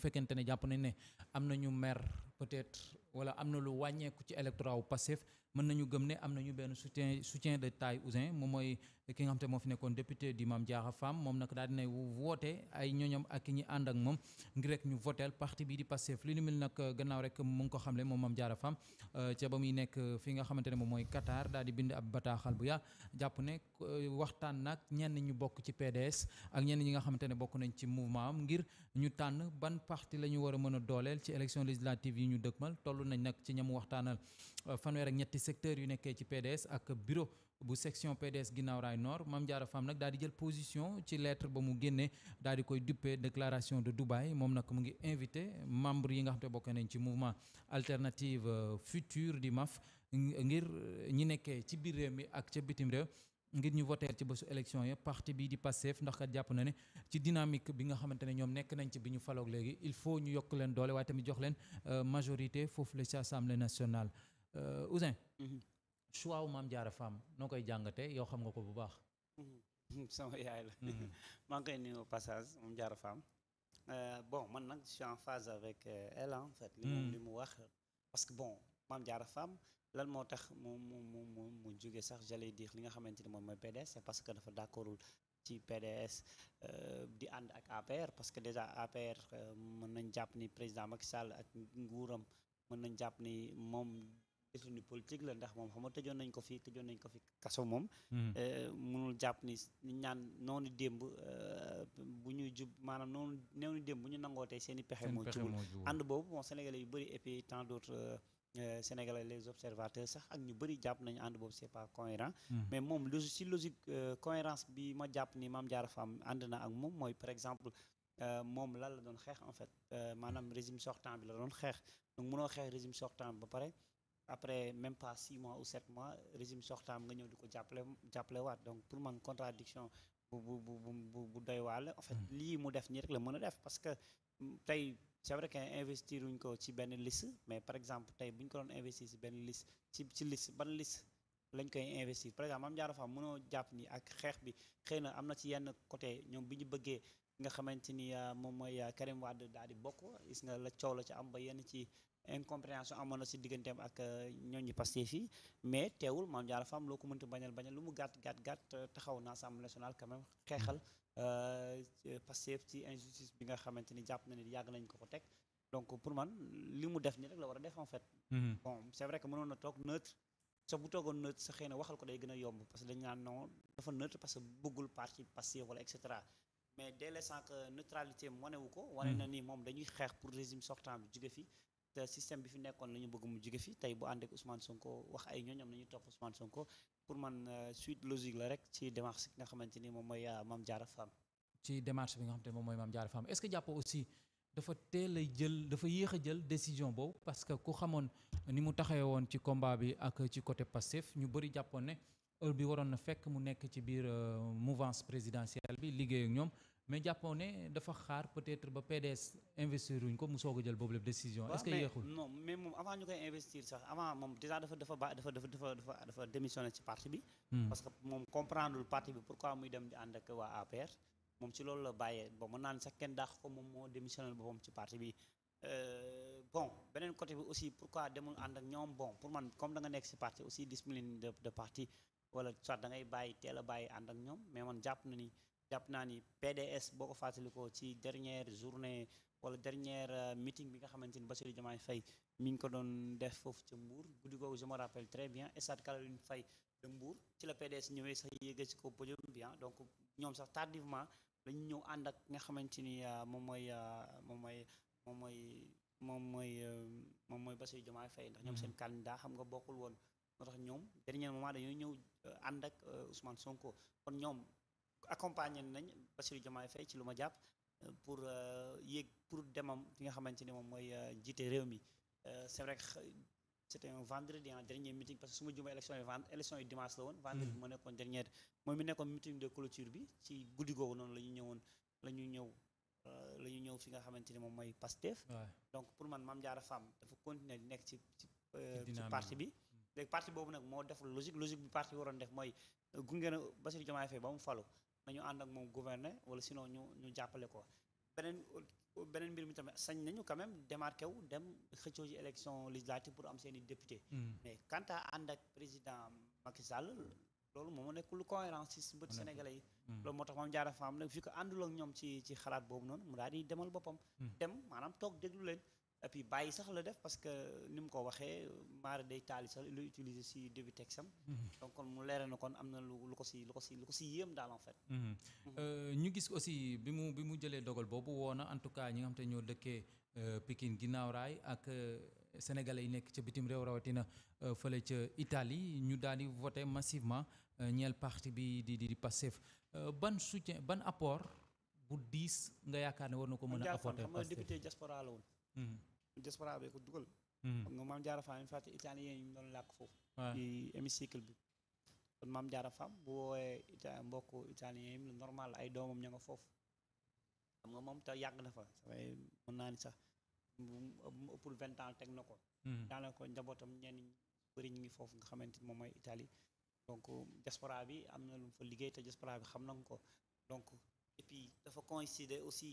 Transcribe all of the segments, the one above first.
fekkente ne jàpp nañ ne am na ñu mer peut-être wala am na lu wàññeeku ci électorat wu Pastef mën nañu gëm ne am nañu benn soutien soutien de taille Ousin moom mooy ki nga xam moo fi nekkoon député di Mame Diarra Fam moom nag daal dinay woote ay ñoñom ak ñi ànd ak moom ngir rek ñu voteel parti bi di Pastef li ni mel nag gannaaw rek mu ngi ko xamle moom Mame Diarra Fam euh, ca ba fi nga xamante ne moom mooy Qatar daal di bind ab bataaxal bu yaa jàpp ne euh, waxtaan nag ñenn ñu bokk ci PDS ak ñenn ñi nga xamante ne bokk nañ ci mouvement am ngir ñu tànn ban parti la ñu war mën a dooleel ci élection législative yi ñu dëkkmal toll nañ nag ci ñamu waxtaanal euh, fanweer secteur yu nekkee ci PDS ak bureau bu section PDS ginnaaw raay nord Mame Diarra Fam nag daal di jël position ci lettre ba mu génnee daal di koy duppee déclaration de Dubaï moom nag mu ngi invité membre yi nga xam te bokk nañ ci mouvement alternative euh, future di MAF ngir euh, ñi nekkee ci biir réew mi ak ca bitim réew ngir ñu voter ci bësu élection yi parti bii di Pastef ndax kat jàpp na ne ci dynamique bi nga xamante ne ñoom nekk nañ ci bi ñu faloog léegi il faut ñu yokk leen doole waaye jox leen euh, majorité foofu la ci assemblée nationale Euh, Ousin. Mhm. choix wu Maam Jaara Fam noo koy jàngatee yow xam nga ko bu baax. Mhm. sama yaay la. Mhm. maa ngi koy nuyu passage Maam Jaara Fam. Euh, bon man nag je suis en phase euh, li mu wax parce que bon Maam Jaara Fam lan moo tax mu mu mu mu mu jóge sax j'allais dire li nga xamante ni moom mooy PDS parce que dafa d'accordul ci PDS di ànd ak APR parce que déjà APR mën nañ jàpp ni président Macky Sall ak nguuram mën nañ jàpp ni moom. détenu politique la ndax moom xam nga tëjoon nañ ko ko fi kaso moom mënul hmm. euh, jàpp ni ñu euh, jub maanaam noonu noonu démb bu ñu nangoo seen pexe moo yu bëri et puis tant euh, les observateurs sax ak ñu bëri jàpp nañu ànd boobu c'est pas cohérent hmm. mais moom lu logique cohérence bi ma jàpp ni Mame Diarra Fam ànd na ak moom mooy par exemple moom lan la doon xeex en fait maanaam régime sortant bi la doon xeex donc mënoo xeex régime sortant ba pare après même pas six mois ou sept mois régime sortant nga ñëw di ko jàppale jàppale waat donc pour man contradiction bu bu bu bu bu doy waale en fait hmm. lii mu def nii rek la mën a def parce que mm, tey c'est vrai que investir wuñ ko ci benn liste mais par exemple tey buñ ko doon investir ci benn liste ci ci liste ban liste lañ koy investir par exemple Mame Diarra Fam mënoo jàpp ni ak xeex bi xëy na am na ci yenn côté ñoom bi ñu bëggee nga xamante ni ah, moom mooy ah, Karim Wade daal di bokk gis nga la coow la ci am ba yenn ci incompréhension amoon na si digganteem ak ah, ñooñu Pastef yi mais teewul Mame Diarra Fam loo ko mënta bañal bañal lu mu gàtt gàtt gàtt taxaw na Assemblée nationale quand même xeexal Pastef ci injustice bi nga xamante ni jàpp na ni yàgg nañ ko ko teg donc pour man li mu def ni rek la war a def en fait. Mm-hmm. bon c'est vrai que mënoon na toog neutre. sa bu toogoon neutre sa xëy na waxal ko day a yomb parce que dañ naan non dafa neutre parce que bëggul mais dès l'instant que neutralité wane wu ko. wane na hmm. ni moom dañuy xeex pour régime sortant bi jóge fi. te système bi fi nekkoon la ñu bëgg mu jóge fi tey bu ànd ak Ousmane Sonko wax ay ñooñam nañu topp Ousmane Sonko pour man euh, suite logique la rek euh, ci démarche bi nga xamante ni moom mooy Mame Diarra Fam. est-ce que jàpp aussi dafa teel a jël dafa yéex a jël décision boobu parce que ku xamoon ni mu taxawee ci combat bi ak ci côté Pastef ñu bëri jàppoon ne heure mais jàppoon ne dafa xaar peut-être ba PDS investir wuñ ko mu soog a jël boobu lépp décision. est-ce que yéexul non mais moom avant ñu koy investir sax avant moom déjà dafa dafa ba dafa dafa dafa dafa démissionné ci parti bi. Hmm. parce que moom comprendre parti bi pourquoi muy dem di ànd ak waa APR. moom ci loolu la bàyyee bon mën naa ne sax kenn dàq ko moom moo démissionné boppam ci parti bi. Euh, bon beneen côté bi aussi pourquoi demul ànd ak ñoom bon pour man comme da nga nekk ci parti aussi discipline de de parti wala soit da teel a bàyyi ànd ak ñoom jàpp naa ni PDS boo ko fàttalikoo ci dernière journée wala dernière euh, meeting bi nga xamante ni Bassirou Diomaye Faye mi ngi ko doon def foofu ca Mbour guddi googu je me rappelle très bien stade Caroline Faye de Mbour ci la PDS ñëwee sax yéega ci ko podium bi ah. donc ñoom sax tardivement lañu ñëw ànd ak nga xamante ni euh, euh, moom mooy moom mooy moom mooy moom mooy moom mooy Bassirou Diomaye Faye ndax ñoom seen candidat xam nga bokkul woon moo tax ñoom dernier moment dañoo ñëw ànd ak Ousmane Sonko kon ñoom accompagné nañ Bassirou Diomaye Faye ci lu ma jàpp pour euh, yéeg pour demam fi nga xamante ni moom mooy euh, jiite réew mi euh, c'est vrai que c'était un vendredi en dernier meeting parce que su ma juma élection yi vend élection yi dimanche la woon hmm. vendredi moo nekkoon dernière moom mi nekkoon meeting de clôture bi ci guddi googu noonu la ñu ñëwoon la ñu ñëw la ñu ñëw fi nga xamante ni moom mooy Pastef donc pour man Mame jaara Fam dafa continuer di nekk ci ci ci parti bi léegi parti boobu nag moo deful logique logique parti bi waroon def mooy gunge na Bassirou Diomaye Faye ba mu falu nañu ànd ak moom gouverner wala sinon ñu ñu jàppale ko beneen beneen mbir mi tamit sañ nañu quand même démarqué wu dem xëccoo ji élection législative pour am seen i député hmm. mais quant à ànd ak président Macky Sall loolu moom nekkul lu cohérent ci bët sénégalais yi hmm. loolu moo tax moom jaara faam nag fi ko àndul ak ñoom ci ci xalaat boobu noonu mu daal di demal boppam hmm. dem maanaam toog déglu leen et puis bàyyi sax la def parce que ni mu ko waxee maara day taali sax lu utiliser si début texam mhm. donc kon mu leeral na kon am na lu lu ko si lu ko si lu ko si yéem daal en fait mhm. Mhm. Euh, ñu gis aussi bi mu bi mu jëlee dogal boobu woona en tout cas ñi nga xam te ñoo dëkkee euh, Pikine ginnaaw raay ak euh, sénégalais yi nekk ca bitim réew rawatina fële ca Italie ñu daal di voté massivement ñeel parti bi di di Pastef ban soutien ban apport bu diis nga yaakaar ne war na ko mën a apporter Pastef député diaspora diaspora bee ko dugal hmm. xam nga maam jaara faam yi fàtte italien yi ñu doon làkk foofu ci hémicycle bi kon maam jaara faam bu woowee ita mbokk italien yi normal ay doomam ña nga foofu moom te yàgg na fa samay mën naa ni sax bu mu ëppul vingt ans teg na ko hmm. njabootam ñenn ñi foofu nga xamante ni moom mooy Italie donc diaspora bi am na lu mu fa liggéey te diaspora bi xam na ko donc et dafa coïncider aussi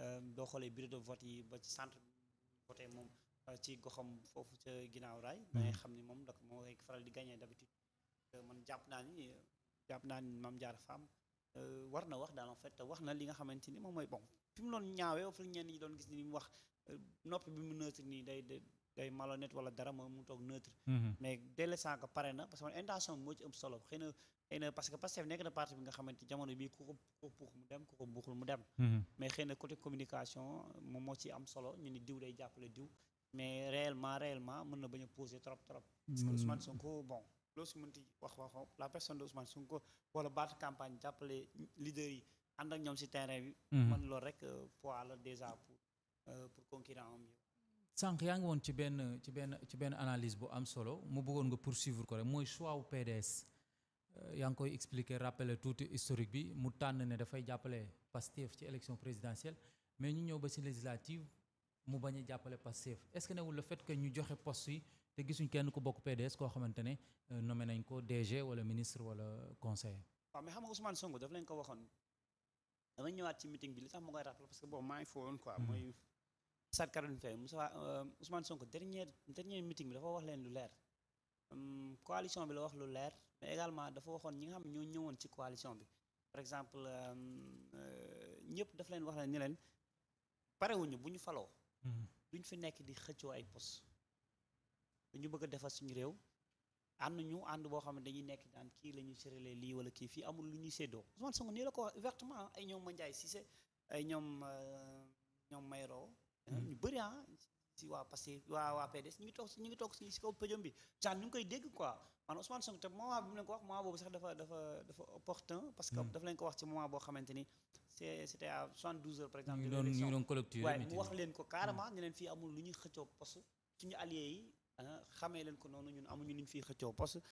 Euh, boo xoolee bureau de vote yi ba ci centre vote moom euh, ci goxam foofu ca ginnaaw raay da hmm. ngay xam ni moom dak moo koy faral di gagné d'habitude euh, man jàpp naa ni jàpp naa ni Mame Diarra Fam war na wax daal en fait wax na li nga xamante ni moom mooy bon fi mu doon ñaawee wala ñenn yi doon gis ni mu wax noppi bi mu neutre nii day day malhonnête wala dara mooy mu toog neutre hmm. mais dès l'instant pare na parce que man intention moo ci ëpp solo xëy na parce que Pastef nekk na parti bi nga xamante jamono bii ku ko ku ko mu dem ku ko buuxul mu dem mhm. mais xëy communication moom moo ci am solo ñu ni diw day jàppale diw mais réellement réellement mën na bañ a poser trop trop parce que mhm. Ousmane Sonko bon loo si mënti wax wax la personne de Ousmane Sonko wala baat campagne jàppale leader yi ànd ak ñoom si terrain bi mhm. man loolu rek euh, poids la déjà pour euh, pour concurrent am yow sànq yaa ngi woon ci benn ci benn ci benn analyse bu am solo mu bëggoon nga poursuivre ko mooy choix Euh, yaa ngi koy expliquer rappeler tuuti historique bi mu tànn ne dafay jàppale Pastef ci élection présidentielle mais ñu ñëw ba ci législative mu bañ a jàppale Pastef est-ce que newul le fait que ñu joxe poste yi te gisuñ kenn ku bokk PDS koo xamante ne euh, nommé ko DG wala ministre wala conseiller. waaw mais xam nga Ousmane Sonko daf leen ko waxoon dama ñëwaat ci meeting bi li tax mu koy rappelé parce que boobu maa ngi foowoon quoi hmm. mooy. Saat Caroline Faye Moussa euh, Ousmane Sonko dernier dernier meeting bi la wax lu leer. mais également dafa waxoon ñi nga xam ñoo ñëwoon ci coalition bi par exemple euh, ñëpp daf leen wax ne ni leen parewuñu bu ñu faloo hmm. duñ fi nekk di xëccoo ay pos dañu bëgg defal suñu réew ànd ñu ànd boo xam ne dañuy nekk daan kii la ñuy lii wala kii fii amul lu ñuy séddoo Ousmane Sonko ni la ko wax ouvertement ay ñoom Mandiaye Cissé ay ñoom euh, ñoom Mayro hmm. ñu bëri ah si waa Pastef waa waa PDS ñu ngi toog ñu ngi toog si si kaw pëjom bi ñu ngi koy dégg quoi maanaam Ousmane Sonko te moment bi mu leen ko wax moment boobu sax dafa dafa opportun parce que hmm. dafa leen ko wax ci moment boo xamante ni c'est c'était à 72 exemple ñu ngi mu wax leen ko carrément ñu hmm. leen fii amul lu ñuy xëccoo poste suñu alliés yi ah, xamee leen ko noonu ñun amuñu lu ñu fiy xëccoo poste